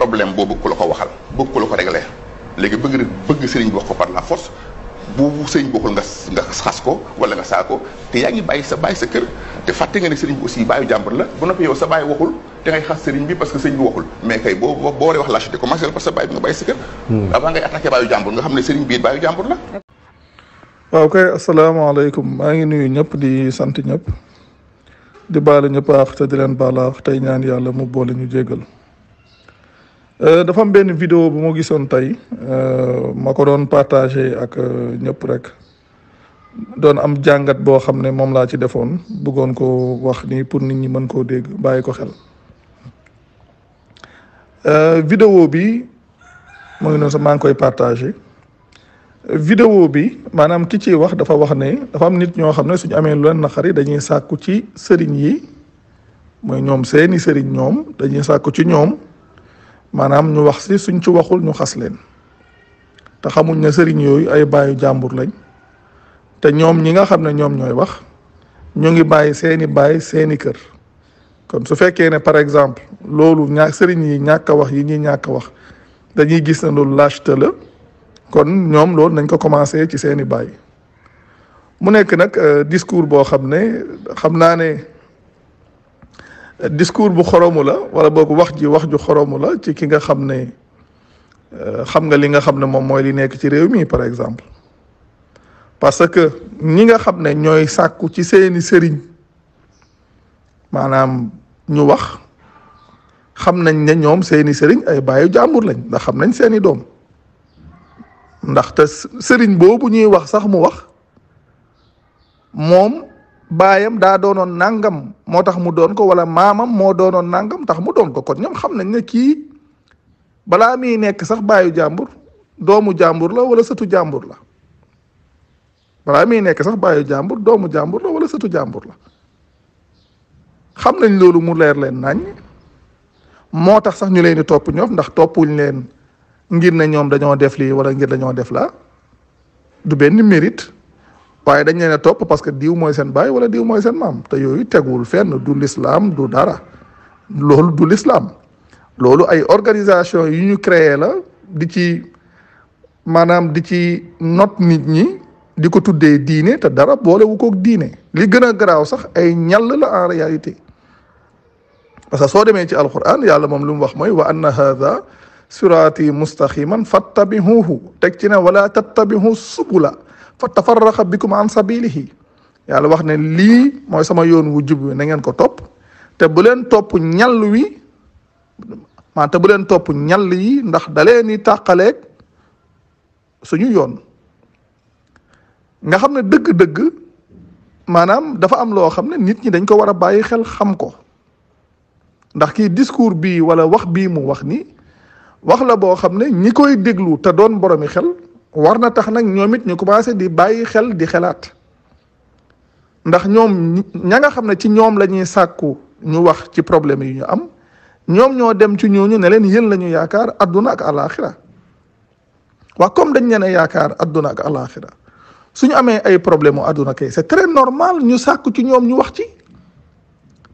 problème boo bëgg la ko waxal bëgg la ko régler léegi bëgg rek bëgg sëriñ bi wax ko par la force bu sëriñ bi waxul nga nga xas ko wala nga saa ko te yaa ngi bàyyi sa bàyyi sa kër te fàtte nga ne sëriñ bi aussi bàyyi jàmbur la bu noppi yow sa bàyyi waxul te ngay xas que sëriñ bi waxul mais kay boo boo waree wax lâcheté commencé par sa bàyyi hmm. bi nga xam ne sëriñ bi it bàyyi la. waaw kay asalaamaaleykum maa ngi nuyu ñëpp di sant ñëpp di baal ñëpp aax te di leen baal aax tey ñaan yàlla mu boole ñu jégal Euh, dafa am benn vidéo bu ma gisoon tey euh, ma ko doon partage ak euh, ñëpp rek doon am jàngat boo xam ne moom laa ci defoon bëggoon ko wax ni pour nit ñi mën koo dégg bàyyi ko xel vidéo bi moo ngi noonu sax maa ngi koy partagé vidéo bi maanaam ki ciy wax dafa wax ne dafa am nit ñoo xam ne suñu amee lu leen dañuy sàkku ci sëriñ yi mooy ñoom seeni sëriñ ñoom dañuy sàkku ci ñoom maanaam ñu wax si suñ ci waxul ñu xas leen te xamuñ ne sëriñ yooyu ay baayu jàmbur lañ te ñoom ñi nga xam ne ñoom ñooy wax ñoo ngi bàyyi seeni baay seeni kër kon su fekkee ne par exemple loolu ñaa sëriñ yi ñàkk a wax yi ñuy ñàkk wax dañuy gis ne loolu lâcheté la kon ñoom loolu nañ ko commencé ci seeni baay mu nekk nag euh, discours boo xam ne xam naa ne. discours bu xoromu la wala boog wax ji wax ju xoromu la ci ki nga xam ne euh, xam nga li nga xam ne moom mooy li nekk ci réew mi par exemple parce que ñi nga xam ne ñooy sàkku ci seeni sëriñ maanaam ñu wax xam nañ ne ñoom seeni sëriñ ay bàyyi jàmbur lañ ndax xam nañ seeni doom ndaxte sëriñ boobu ñuy wax sax mu wax moom Bayam dadonon donon nangam mudon mu don ko wala mamam mo donon nangam tax mu don ko kon ñom xam nañ ne ki bala mi nek sax bayu jambur doomu jambur la wala satu jamur la Balami mi nek sax jamur, jambur doomu jambur la wala satu jamur la xam nañ lolu mu leer len nañ motax sax ñu leen top ñof ndax leen ngir na ñom dañoo def li wala ngir dañoo def la du ben mérite waaye dañ leen a topp parce que diw mooy seen baay wala diw mooy seen maam te yooyu teguwul fenn du lislaam du dara loolu du lislaam loolu ay organisation yu ñu créé la di ci maanaam di ci not nit ñi di ko tuddee diine te dara boolewu kook diine li gën a garaaw sax ay ñal la en réalité parce que soo demee ci alquran yàlla moom lu mu wax mooy wa anna hadha siraati mustaqiman fattabihuhu teg ci ne wala tattabihu subula fa tafarraqa bikum an sabilihi yalla wax ne li moy sama yoon wu jub wi na ngeen ko top te bu len top ñal wi ma te bu len top ñal yi ndax daleni leen suñu yoon nga xamne deug deug manam dafa am lo xamne nit ñi dañ ko wara bayyi xel xam ko ndax ki discours bi wala wax bi mu wax ni wax la bo xamne ñi koy deglu ta doon boromi xel war na tax nag ñoom it ñu commencé di bàyyi xel di xelaat ndax ñoom ña nga xam ne ci ñoom la ñuy sàkku ñu wax ci problème yi ñu am ñoom ñoo dem ci ñooñu ne leen yéen la ñu yaakaar adduna ak alaxira waa comme dañ leen a yaakaar adduna ak alaxira suñu amee ay problème mu adduna kay c'est très normal ñu sàkku ci ñoom ñu wax ci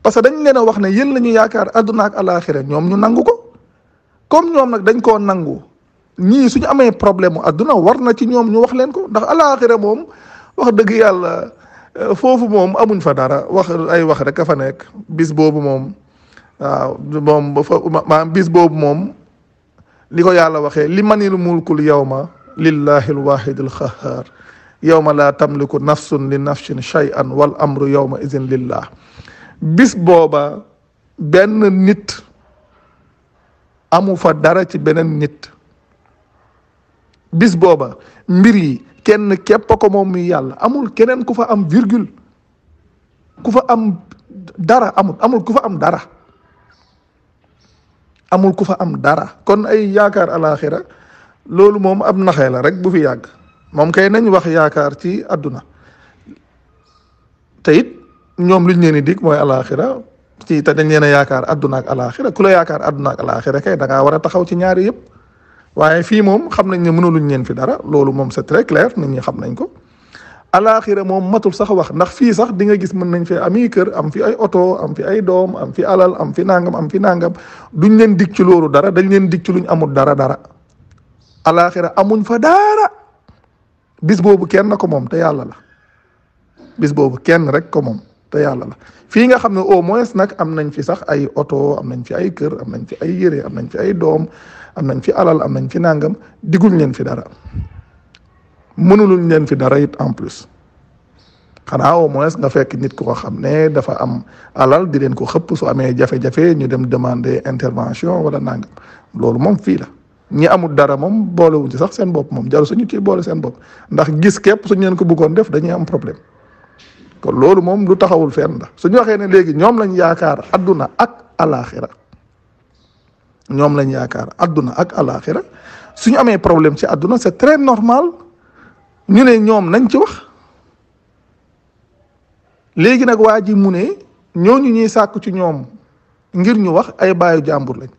parce que dañ leen a wax ne yéen la ñu yaakaar adduna ak alaxira ñoom ñu nangu ko comme ñoom nag dañ koo nangu ni suñu amé problème aduna adduna war na ci ñom ñu wax leen ko ndax alaaxira mom wax deug yàlla fofu mom amuñ fa dara wax ay wax rek fa nek bis boobu moom waaw moom fa bis bobu mom liko yàlla waxe li manil mulkul yawma lillahi alwahid alqahar yawma la tamliku nafsun li nafsin shay'an wal amru yawma izin lillah bis boba ben nit amu fa dara ci benen nit bis booba mbir yi kenn képp ko moom muy yàlla amul keneen ku fa am virgule ku fa am dara amul amul ku am dara amul ku fa am dara kon ay yaakaar alaxira loolu moom am naxee la rek bu fi yàgg moom kay nañ wax yaakaar ci àdduna te it ñoom luñ leen di dig mooy alaxira ci te dañ leen a yaakaar àdduna ak alaxira ku la yaakaar àdduna ak alaxira kay da ngaa war a taxaw ci ñaari yëpp waaye fii moom xam nañ ne mënaluñ leen fi dara loolu moom c'est très clair nit ñi xam nañ ko alaxira moom matul sax wax ndax fii sax di nga gis mën nañ fi ami kër am fi ay oto am fi ay doom am fi alal am fi nangam am fi nangam duñ leen dig ci loolu dara dañ leen dig ci luñ amul dara dara alaxira amuñ fa dara bis boobu kenn ko moom te yàlla la bis boobu kenn rek ko moom te yalla la fi nga xamne au moins nak am nañ fi sax ay auto am nañ fi ay kër am nañ fi ay yére am nañ fi ay doom am nañ fi alal am nañ fi nangam digul ñen fi dara mënuluñ ñen fi dara it en plus xana au moins nga fekk nit ko xamne dafa am alal di len ko xëpp su amé jafe-jafe ñu dem demander intervention wala nangam loolu mom fi la ñi amul dara moom wu ci sax seen bop mom jaru suñu ci boole seen bop ndax gis képp suñu ko bëggoon def dañuy am problème kon loolu moom lu taxawul fenn la su ñu waxee ne léegi ñoom lañ yaakaar adduna ak alaxira ñoom lañ yaakaar adduna ak alaxira suñu amee problème ci adduna c'est très normal ñu ne ñoom nañ ci wax léegi nag waa jii mu ne ñooñu ñuy sàkk ci ñoom ngir ñu wax ay baayu jàmbur lañ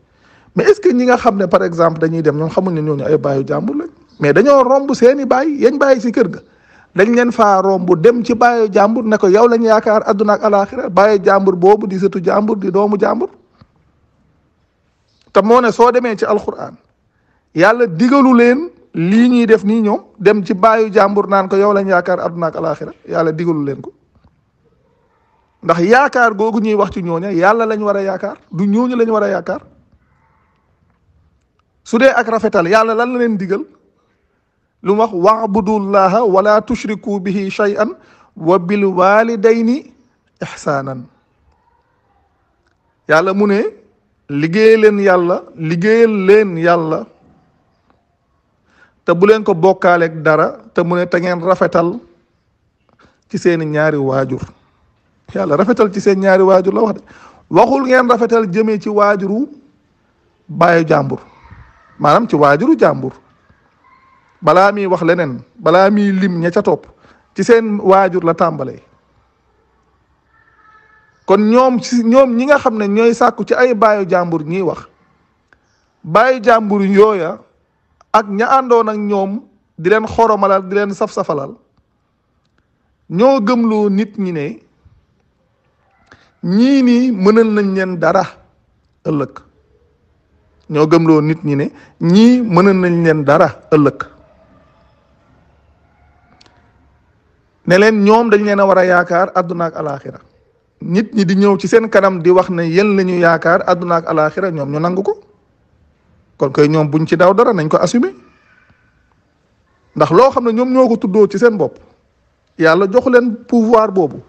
mais est-ce que ñi nga xam ne par exemple dañuy dem ñoom xamuñ ne ñooñu ay baayu jàmbur lañ mais dañoo romb seeni baay yañ bàyyi si kër ga. dañ leen faa romb dem ci bàyyi jàmbur na ko yow lañ yaakaar àdduna ak alaaxira bàyyi jàmbur boobu di sëtu jàmbur di doomu jàmbur te moone soo demee ci alquran yàlla digalu leen lii ñuy def nii ñoom dem ci bàyyu jàmbur naan ko yow lañ yaakaar àdduna ak alaaxira yàlla digalu leen ko ndax yaakaar googu ñuy wax ci ñooña yàlla lañ war a yaakaar du ñooñu lañ war a yaakaar su dee ak rafetal yàlla lan la leen digal lu mu wax waabudullaha wala tushriku bihi shay'an wa bil walidayni ihsaanan yàlla mu ne liggéey leen yàlla liggéeyal leen yàlla te bu leen ko bokkaaleeg dara te mu ne te ngeen rafetal ci seeni ñaari waajur yàlla rafetal ci seen ñaari waajur la wax de waxul ngeen rafetal jëmee ci waajuru baayu jàmbur maanaam ci waajuru jàmbur balaa muy wax leneen balaa muy lim ña ca topp ci seen waajur la tàmbalee kon ñoom si ñoom ñi nga xam ne ñooy sàkku ci ay baayu jàmbur ñiy wax baayu jàmbur yooya ak ña àndoon ak ñoom di leen xoromalal di leen saf-safalal ñoo gëmloo nit ñi ne ñii nii mënal nañ leen dara ëllëg ñoo gëmloo nit ñi ne ñii mënal nañ leen dara ëllëg ne nyom ñom dañ leena wara yaakar aduna ak alakhirah nit ñi di ñew ci seen kanam di wax ne yeen lañu yaakar aduna ak alakhirah ñom ñu nyom ko kon kay ñom buñ ci daw dara nañ ko assumer ndax lo xamne ñom ñoko tuddo ci seen bop yalla joxu leen pouvoir bobu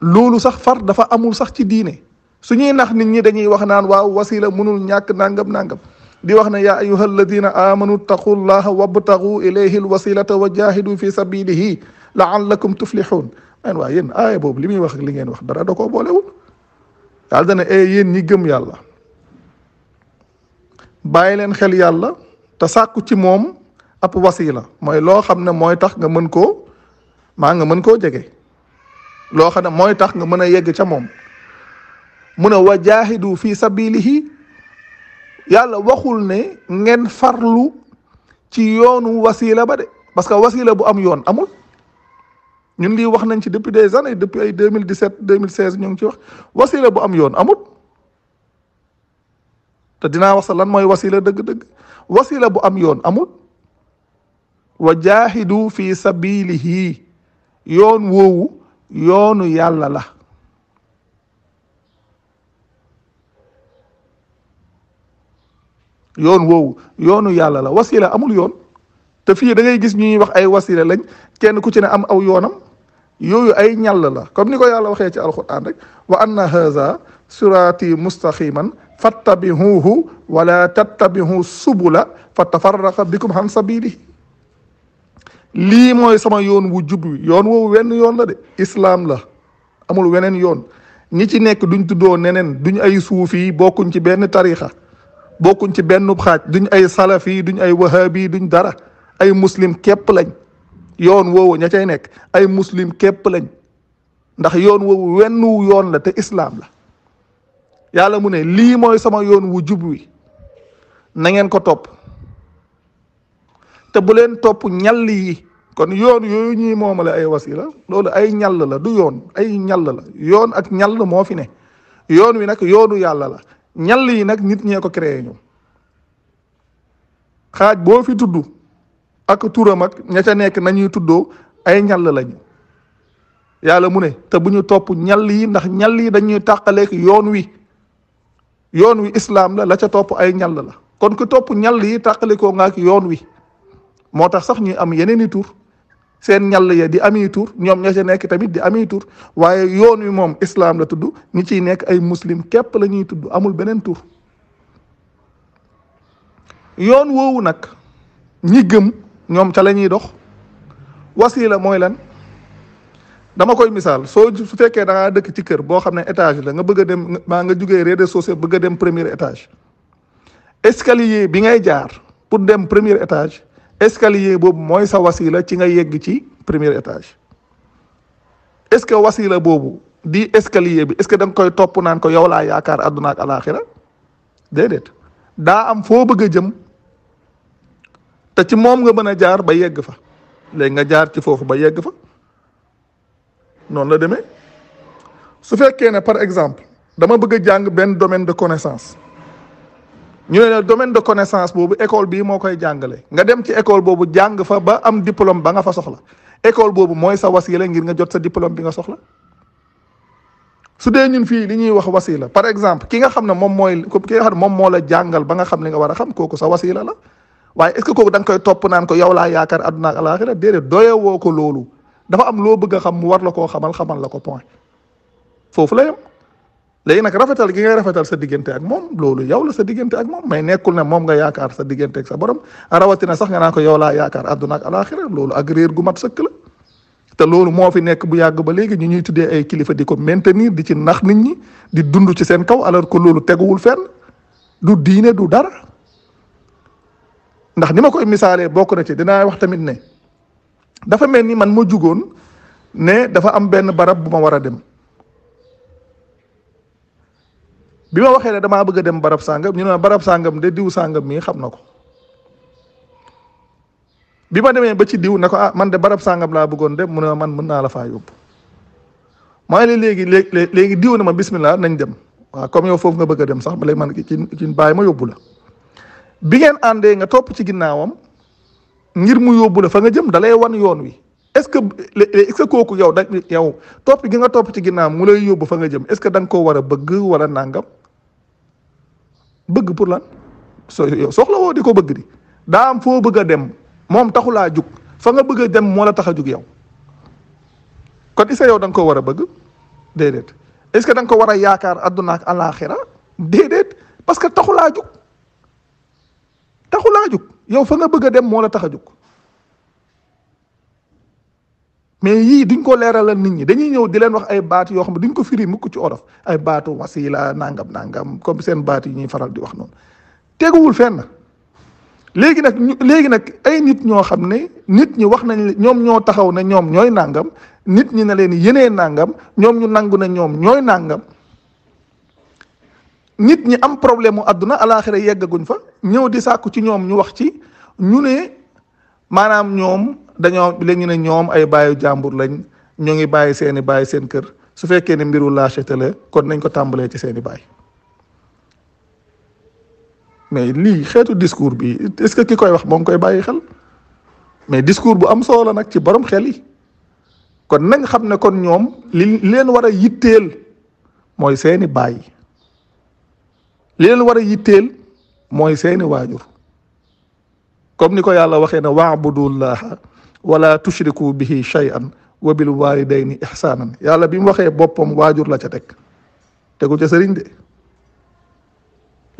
lolu sax far dafa amul sax ci diine suñuy nax nit ñi dañuy wax naan waaw wasila mënul ñak nangam nangam di wax ne ya ayuha alladina amanu taqullaha wabtagu ilayhi alwasilata wajahidu fi sabilihi laallakum tuflihun ay wa yéen ay bob limi wax li ngeen wax dara dako bolewul dal dana ay yéen ñi gëm yàlla baye len xel yàlla ta sàkku ci mom ap wasila moy lo xamne moy tax nga mën ko ma nga mën ko jégué lo xamne moy tax nga mëna yegg ca mom muna wajahidu fi sabilihi yàlla waxul ne ngeen farlu ci yoonu wasila ba de parce que wasila bu am yoon amul ñun lii wax nañ ci depuis des années depuis ay 2017 2016 ñu ngi ci wax wasila bu am yoon amul te dinaa wax sa lan mooy wasila dëgg-dëgg wasila bu am yoon amul wa jaahidu fi sabilihi yoon woowu yoonu yàlla la yoon woowu yoonu yàlla la wasila amul yoon te fii da ngay gis ñuy wax ay wasila lañ kenn ku ci ne am aw yoonam yooyu ay ñàll la comme ni ko yàlla waxee ci alquran rek wa anna haza siraati mustaqiman fattabihuhu wala tattabihu subula fa tafarraqa bikum han sabilihi lii mooy sama yoon wu jub wi yoon woowu wenn yoon la de islaam la amul weneen yoon ñi ci nekk duñ tuddoo neneen duñ ay suufi bokkuñ ci benn tarixa bokkuñ ci benn xaaj duñ ay salafi duñ ay wahabi duñ dara ay muslim képp lañ yoon woowu ña cay nekk ay muslim képp lañ ndax yoon woowu wenn yoon la te islaam la yàlla mu ne lii mooy sama yoon wu jub wi nangeen ko topp te bu leen topp ñall yi kon yoon yooyu ñuy moomale ay wasila loolu ay ñall la du yoon ay ñall la yoon ak ñall moo fi ne yoon wi nag yoonu yàlla la ñal yi nag nit ñee ko créé ñu xaaj boo fi tudd ak turam ak ña ca nekk nañuy tuddoo ay ñal lañu yàlla mu ne te bu ñu topp ñal yi ndax ñal yi dañuy tàqaleek yoon wi yoon wi islaam la la ca topp ay ñal la kon ku topp ñal yi tàqalikoo nga ak yoon wi moo tax sax ñuy am yeneen i tur seen ñàll ya di ami tur ñoom ña ca nekk tamit di ami tur waaye yoon wi moom islaam la tudd ñi ciy nekk ay muslim képp la ñuy tudd amul beneen tur yoon woowu nag ñi gëm ñoom ca la ñuy dox wasiila mooy lan dama koy misaal soo su fekkee da ngaa dëkk ci kër boo xam ne étage la nga bëgg dem maa nga jugee rez-de-chaussée bëgg dem premier étage escalier bi ngay jaar pour dem premier étage escalier boobu mooy sa wasila ci nga yegg ci premier étage est-ce que wasila boobu di escalier bi est-ce que da koy topp naan ko yow laa yaakaar àdduna ak alaaxira déedéet daa am foo bëgg a jëm te ci moom nga mën a jaar ba yegg fa léegi nga jaar ci foofu ba yegg fa noonu la demee su fekkee ne par exemple dama bëgg a jàng benn domaine de connaissance ñu ne domaine de connaissance boobu école bii moo koy jàngale nga dem ci école boobu jàng fa ba am diplôme ba nga fa soxla école boobu mooy sa wasila ngir nga jot sa diplôme bi nga soxla su dee ñun fii li ñuy wax wasila par exemple ki nga xam ne moom mooy ki nga xam moom moo la jàngal ba nga xam ne nga war a xam kooku sa wasila la waaye est ce que kooku da nga koy topp naan ko yow laa yaakaar àdduna ak alaaxira déedéet woo ko loolu dafa am loo bëgg a xam war la koo xamal xamal la ko point foofu la léegi nag rafetal gi ngay rafetal sa diggante ak moom loolu yow la sa diggante ak moom mais nekkul na moom nga yaakaar sa diggante ak sa borom rawatina sax nga naa ko yow laa yaakaar adduna ak alaxira loolu ak réer gu mat sëkk la te loolu moo fi nekk bu yàgg ba léegi ñu ñuy tuddee ay kilifa di ko maintenir di ci nax nit ñi di dund ci seen kaw alors que loolu teguwul fenn du diine du dara ndax ni ma koy misaalee bokk na ci dinaa wax tamit ne dafa mel ni man ma jugoon ne dafa am benn barab bu ma war a dem bi ma waxee ne damaa bëgg a dem barab sàngam ñu ne barab sàngam de diw sàngam mii xam na ko bi ma demee ba ci diw ne ko ah man de barab sàngam laa bëggoon dem mu ne man mën naa la faa yóbbu mooy li léegi léegi léegi diw na ma bismillah nañ dem waa comme yow foofu nga bëgg dem sax ma lay man ci ci baay ma yóbbu la bi ngeen àndee nga topp ci ginnaawam ngir mu yóbbu la fa nga jëm dalay wan yoon wi est-ce que est-ce kooku yow da yow topp gi nga topp ci ginnaawam mu lay yóbbu fa nga jëm est-ce que da nga koo war a bëgg wala nangam. bëgg pour la so soxla woo di ko bëgg di daa am foo bëgg a dem moom taxulaa jug fa nga bëgg a dem moo la tax a jug yow kon isa yow da nga ko war a bëgg déedéet est-ce que da nga ko war a yaakaar adduna ak alaxira déedéet parce que taxulaa jug taxulaa jug yow fa nga bëgg a dem moo la tax a jug mais yii duñ ko leeralal nit ñi dañuy ñëw di leen wax ay baat yoo xam ne duñ ko firi mukk ci olof ay baatu wasila nangam nangam comme seen baat yi ñuy faral di wax noonu teguwul fenn léegi nag nag ay nit ñoo xam ne nit ñi wax nañ ñoom ñoo taxaw ne ñoom ñooy nangam nit ñi ne leen yeneen nangam ñoom ñu nangu na ñoom ñooy nangam nit ñi am problème mu àdduna alaaxira yeggaguñ fa ñëw di sàkku ci ñoom ñu wax ci ñu ne maanaam ñoom dañoo léegi ñu ne ñoom ay bàyyi jàmbur lañ ñoo ngi bàyyi seen i bàyyi seen kër su fekkee ne mbiru lâcheté la kon nañ ko tàmbalee ci seen i bàyyi mais lii xeetu discours bi est-ce que ki koy wax moo ngi koy bàyyi xel mais discours bu am solo nag ci borom xel yi kon nañ xam ne kon ñoom li leen war a yitteel mooy seeni bàyyi li leen war a yitteel mooy seeni waajur comme ni ko yàlla waxee ne waabudullaha wala tushriku bihi shay'an wa bil walidayni ihsanan yàlla bi mu waxee boppam waajur la ca te tegu ca sëriñ de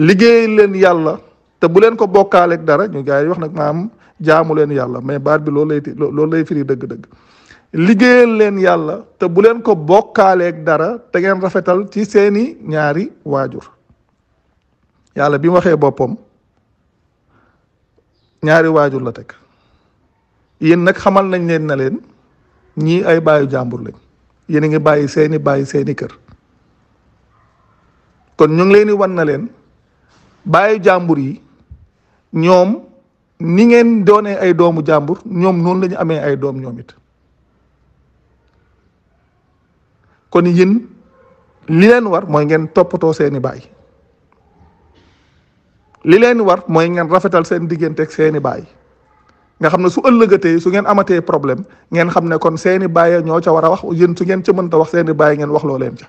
liggéey leen yàlla te bu leen ko bokkaleek dara ñu gars wax nag maam jaamu leen yàlla mais baat bi loolu loolu lay firi dëgg-dëgg liggéeyal leen yàlla te bu leen ko bokkaaleeg dara te ngeen rafetal ci seeni ñaari waajur yàlla bi mu waxee boppam ñaari waajur la teg yéen nag xamal nañ leen na leen ñii ay baayu jàmbur lañ yéen a ngi bàyyi seeni bàyyi seeni kër kon ñu ngi leen di wan na leen baayu jàmbur yi ñoom ni ngeen doone ay doomu jàmbur ñoom noonu la ñu amee ay doom ñoom it kon yéen li leen war mooy ngeen toppatoo seeni baay li leen war mooy ngeen rafetal seen diggante ak seeni baay nga xam ne su ëllëgatee su ngeen amatee problème ngeen xam ne kon seeni baay ñoo ca war a wax yéen su ngeen ca mënta wax seeni baay ngeen wax loo leen ca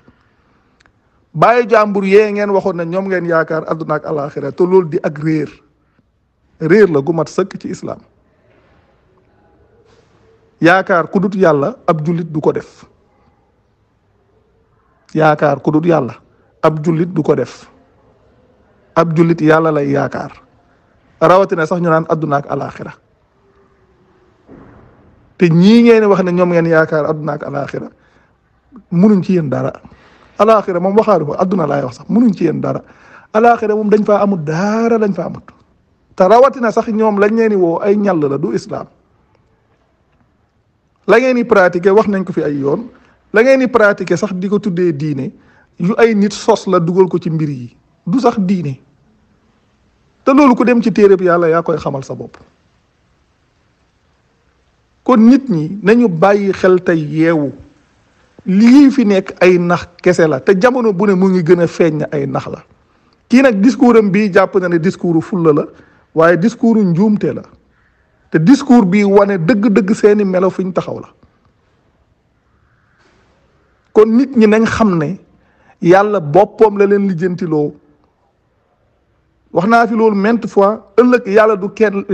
baay jàmbur yee ngeen waxoon ne ñoom ngeen yaakaar àdduna ak alaxira te loolu di ak réer réer la gu mat sëkk ci islam yaakaar ku dut yàlla ab jullit du ko def yaakaar ku dut yàlla ab jullit du ko def ab jullit yàlla lay yaakaar rawatina sax ñu naan adduna ak alaxira te ñii ngeen wax ne ñoom ngeen yaakaar adduna ak alaxira munuñ ci yéen dara alaxira moom waxaalu ko adduna laay wax sax munuñ ci yéen dara alaxira moom dañ faa amut dara dañ fa amut te rawatina sax ñoom lañ leen di woo ay ñàll la du islam la ngeen di pratiquer wax nañ ko fi ay yoon la ngeen di pratiquer sax di ko tuddee diine yu ay nit sos la dugal ko ci mbir yi. du sax diine te loolu ku dem ci téere bi yàlla yaa koy xamal sa bopp kon nit ñi nañu bàyyi xel tey yeewu lii fi nekk ay nax kese la te jamono bu ne mu ngi gën a feeñ ay nax la kii nag discours am bii jàpp na ne discours fulla la waaye discours njuumte la te diskuur bii wane dëgg-dëgg seeni melo fi ñu taxaw la kon nit ñi nañ xam ne yàlla boppom la leen lijjantiloo wax naa fi loolu maintes fois ëllëg yàlla du kenn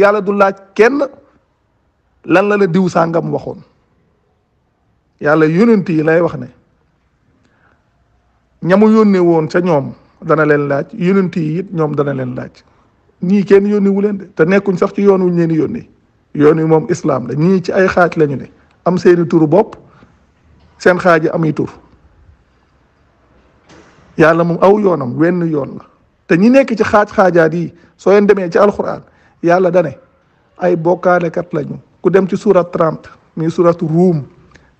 yàlla du laaj kenn lan la la diw sàngam waxoon yàlla yónent yi lay wax ne ñamu yónne woon ca ñoom dana leen laaj yónent yi it ñoom dana leen laaj ñii kenn yónni wu leen de te nekkuñ sax ci yoon wu ñu leen yónni yoon wi moom islaam la ñii ci ay xaaj lañu ne am seeni turu bopp seen xaaji amuy tur yàlla moom aw yoonam wenn yoon te ñi nekk ci xaaj-xaajaat yi soo yen demee ci alquran yàlla dane ay bokkaalekat lañu ku dem ci surat 30 muy surat ruum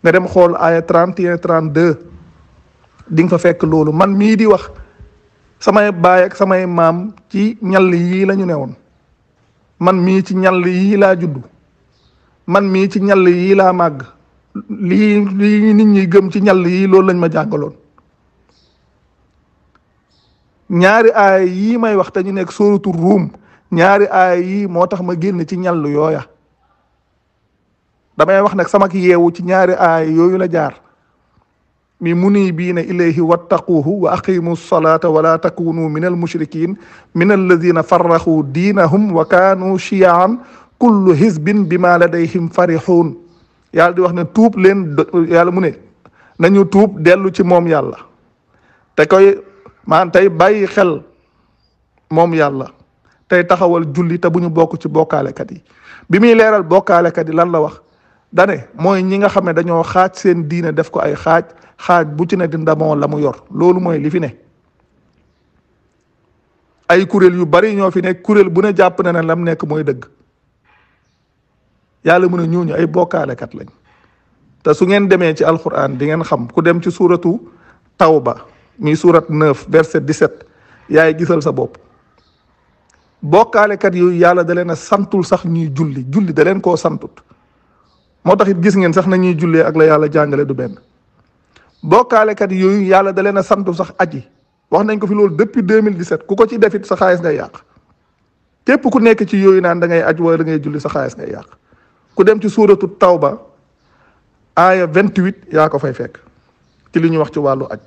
nga dem xool aaya 31 32 di nga fa fekk loolu man mii di wax samay baay samay maam ci ñall yii lañu ne woon man mii ci ñall yii laa juddu man mii ci ñall yii laa màgg lii lii nit ñi gëm ci ñall yii loolu lañ ma jàngaloon ñaari aaya yii may wax te ñu nekk sóoratu ruum ñaari aaya yii moo tax ma génn ci ñàll yooya damay wax nag sama yeewu ci ñaari aaya yooyu la jaar mi muniibiina ilayhi wattaquuhu wa aqimu salaata wala takunu min almushrikin min alladina farraxu diinahum wa kaanu chiyaan kullu hizbin bima ladayhim farixuun yàlla di wax ne tuub leen yàlla mu ne nañu tuub dellu ci moom yàlla te maanaam tey bàyyi xel moom yàlla tey taxawal julli te bu ñu bokk ci bokkaalekat yi bi muy leeral bokkaalekat yi lan la wax dane mooy ñi nga xam ne dañoo xaaj seen diine def ko ay xaaj xaaj bu ci ne di ndamoo la mu yor loolu mooy li fi ne ay kuréel yu bari ñoo fi nekk kuréel bu ne jàpp na ne lam nekk mooy dëgg yàlla mën a ñooñu ay bokkaalekat lañ te su ngeen demee ci alquran di ngeen xam ku dem ci suuratu taw ba suurat surat 9 verset 17 yaay gisal sa bopp boo bokkaalekat yooyu yàlla da leen a santul sax ñuy julli julli da leen koo santut moo tax it gis ngeen sax na ñuy jullee ak la yàlla jàngale du benn bokkaalekat yooyu yàlla da leen a santul sax aji wax nañ ko fi loolu depuis 2017 ku ko ci defit sa xaalis ngay yàq képp ku nekk ci yooyu naan da ngay aj wala da ngay julli sa xaalis ngay yàq ku dem ci suuratu ba aaya 28 yaa ko fay fekk ci li ñu wax ci wàllu aj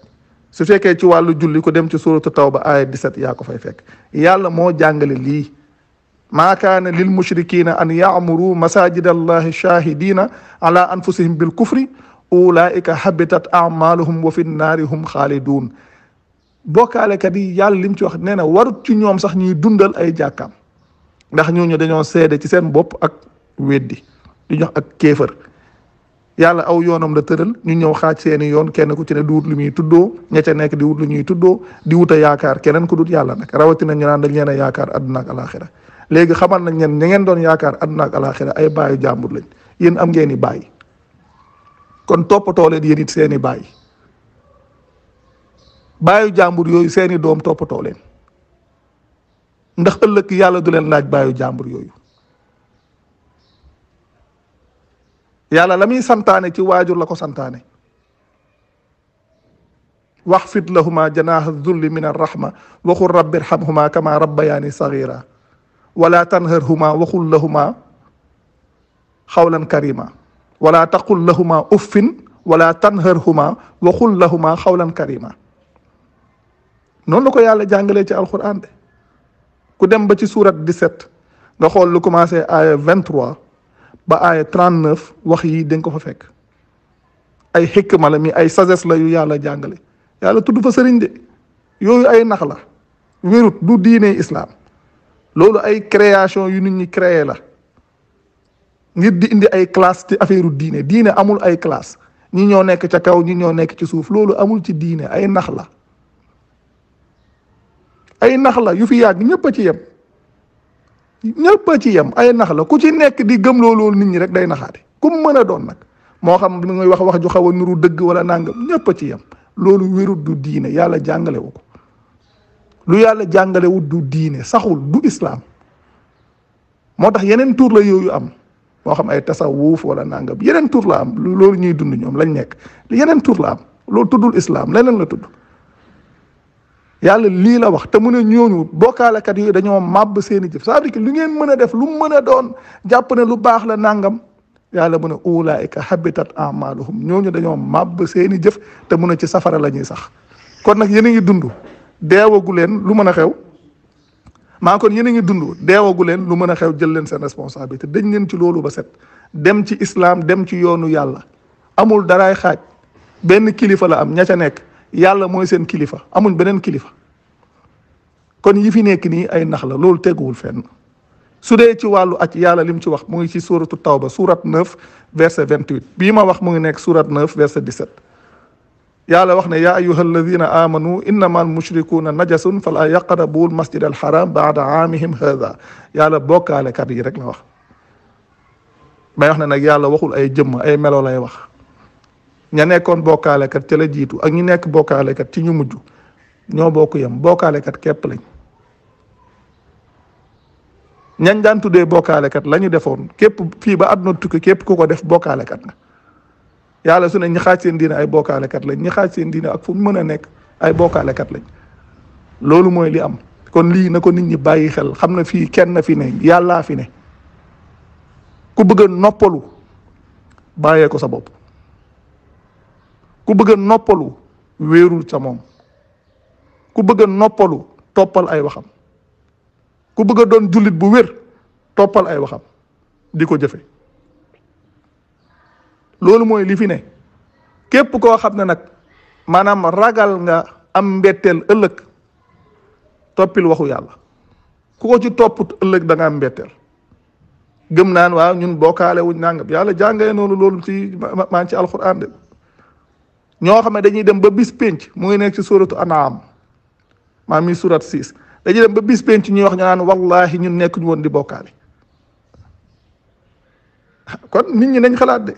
su fekkee ci walu julli ko dem ci suratu tawba ayat 17 ya ko fay fek yàlla mo jàngale li ma kana lil mushrikina an ya'muru masajid allahi shahidina ala anfusihim bil kufri ulaika habitat amaluhum wa fin nnaari khalidun bokale kadi yàlla lim ci wax neena waru ci ñom sax ñuy dundal ay jakam ndax ñoo ñooñu dañoo sédé ci seen bop ak weddi di jox ak kéfer yàlla aw yoonam la tëral ñu ñëw xaaj seeni yoon kenn ku ci ne di wut lu muy tuddoo ña ca nekk di lu ñuy tuddoo di wut yaakaar keneen ku dut yàlla nag rawatina ñenaan naan dañ leen a yaakaar àdduna ak alaxira léegi xamal nañ ñen ña ngeen doon yaakaar àdduna ak alaxira ay baayu jàmbur lañ yéen am ngeen i baay kon toppatoo leen yéen it seeni i baay baayu jàmbur yooyu seeni doom toppatoo leen ndax ëllëg yàlla du leen laaj baayu jàmbur yooyu. yàlla la muy santaane ci waajur la ko santaane wax fit lahuma janaaha dulli min arrahma waxul rabbi irhamhuma kama rabbayani saghira sagira wala tanharhuma waxul lahuma xawlan karima wala taqul lahuma uffin wala tanharhuma waxul lahuma xawlan karima noonu la ko yàlla jàngalee ci alquran de ku dem ba ci surat 17 nga xool lu commencé aya 23 ba trent 39 wax yii dañ ko fa fekk ay xikma la mi ay sagesse la yu yàlla jàngale yàlla tudd fa sëriñ de yooyu ay nax la wérut du diine islam loolu ay création yu nit ñi créer la ngir di indi ay classe ci diine diine amul ay classe ñi ñoo nekk ca kaw ñi ñoo nekk ci suuf loolu amul ci diine ay nax la ay nax la yu fi yàgg ñëpp a ci yem. ñëpp a ci yem ay nax la ku ci nekk di gëm loo loolu nit ñi rek day naxaate ku mu mën a doon nag moo xam li muy wax wax ju xaw a nuru dëgg wala nangam ñëpp a ci yem loolu wérut du diine yàlla jàngale wu ko lu yàlla jàngalewu du diine saxul du islaam moo tax yeneen tuur la yooyu am moo xam ay tasawuf wala nangam yeneen tur la am loolu ñuy dund ñoom lañ nekk yeneen tur la am loolu tuddul islaam leneen la tudd yàlla lii la wax te mu ne ñooñu bokkaalekat yooyu dañoo màbb seen i jëf cest à lu ngeen mën a def lu mën a doon jàpp ne lu baax la nangam yàlla mu ne ulaayika habitat amaluhum ñooñu dañoo màbb seeni jëf te mu ne ci safara la ñuy sax kon nag yéen a ngi dundu deewagu leen lu mën a xew maa kon yéen a ngi dund deewagu leen lu mën a xew jël leen seen responsabilité dañ leen ci loolu ba set dem ci islam dem ci yoonu yàlla amul daraay xaaj benn kilifa la am ña ca nekk. yàlla moy sen kilifa amuñ benen kilifa kon yifi nek ni ay nax la loolu teguwul fenn su ci walu acc yàlla lim ci wax moy ci suuratu tawba surat 9 verset 28 bima ma wax mu ngi surat 9 verset 17 yàlla wax ne ya ayyuhal ladhina amanu innama almushrikuuna najasun fala yaqrabu al haram ba'da aamihim hadha yàlla kat yi rek la wax bay wax ne nak yàlla waxul ay jëm ay melo lay wax ña nekkoon bokkaalekat ca la jiitu ak ñi nekk bokkaalekat ci ñu mujj ñoo bokk yem bokkaalekat képp lañ ñañ daan tuddee bokkaalekat la ñu defoon képp fii ba àdduna tukki képp ku ko def bokkaalekat nga yàlla su ne ñi xaaj seen diine ay bokkaalekat lañ ñi xaaj seen diine ak fu mu mën a nekk ay bokkaalekat lañ loolu mooy li am kon lii na ko nit ñi bàyyi xel xam na fii kenn fi ne yàllaa fi ne ku bëgg a noppalu bàyyee ko sa bopp. ku bëgg noppalu wéerul ca mom ku bëgg noppalu topal ay waxam ku bëgg doon julit bu wér topal ay waxam di jëfé loolu li fi né képp ko xamné nak manam ragal nga am mbetteel ëlëk topil waxu yalla ku ko ci topu ëlëk da nga am mbetteel gëm naan waaw ñun bokalé wuñ nangam yalla jàngé nonu loolu ci man ci alcorane ñoo xam ne dañuy dem ba bis pénc mu ngi nekk ci suratu anaam maam mi surat six dañuy dem ba bis pénc ñuy wax ñu naan wallahi ñun nekkuñu woon di bokkaale kon nit ñi nañ xalaat de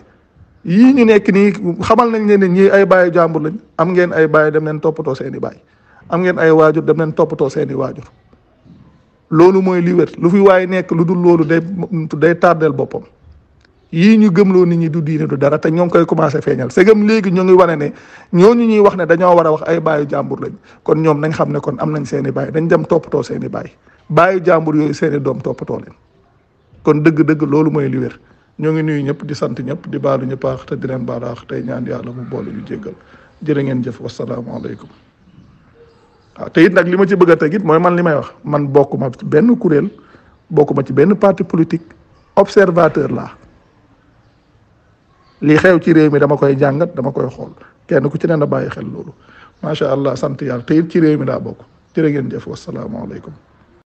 yii ñu nekk nii xamal nañ leen ne ñii ay bàyyi jàmbur lañ am ngeen ay bàyyi dem leen toppatoo seeni baay am ngeen ay waajur dem leen toppatoo seeni waajur loolu mooy li wér lu fi waaye nekk lu dul loolu day day tardeel boppam yii ñu gëm loo nit ñi du diine du dara te ñoo ngi koy commencé feeñal segam léegi ñu ngi wane ne ñooñu ñuy wax ne dañoo war a wax ay baayu jàmbur lañ kon ñoom nañ xam ne kon am nañ seeni i dañ dem toppatoo seen i bàyyi baayu jàmbur yooyu seen doom toppatoo leen kon dëgg-dëgg loolu mooy li ñoo ngi nuyu ñëpp di sant ñëpp di baalu ñu te di leen baalu aax tey ñaandi yàlla mu boole ñu jéggal jërë ngeen jëf wasalaamaaleykum waaw te it nag li ma ci bëgg a teg it mooy man li may wax man bokkuma ci benn kuréel bokkuma ci benn parti politique observateur laa lii xew ci réew mi dama koy jàngat dama koy xool kenn ku ci ne na bàyyi xel loolu macha allah sant yàlla te it ci réew mi daa bokk jërë ngeen jëf wasalaamaaleykum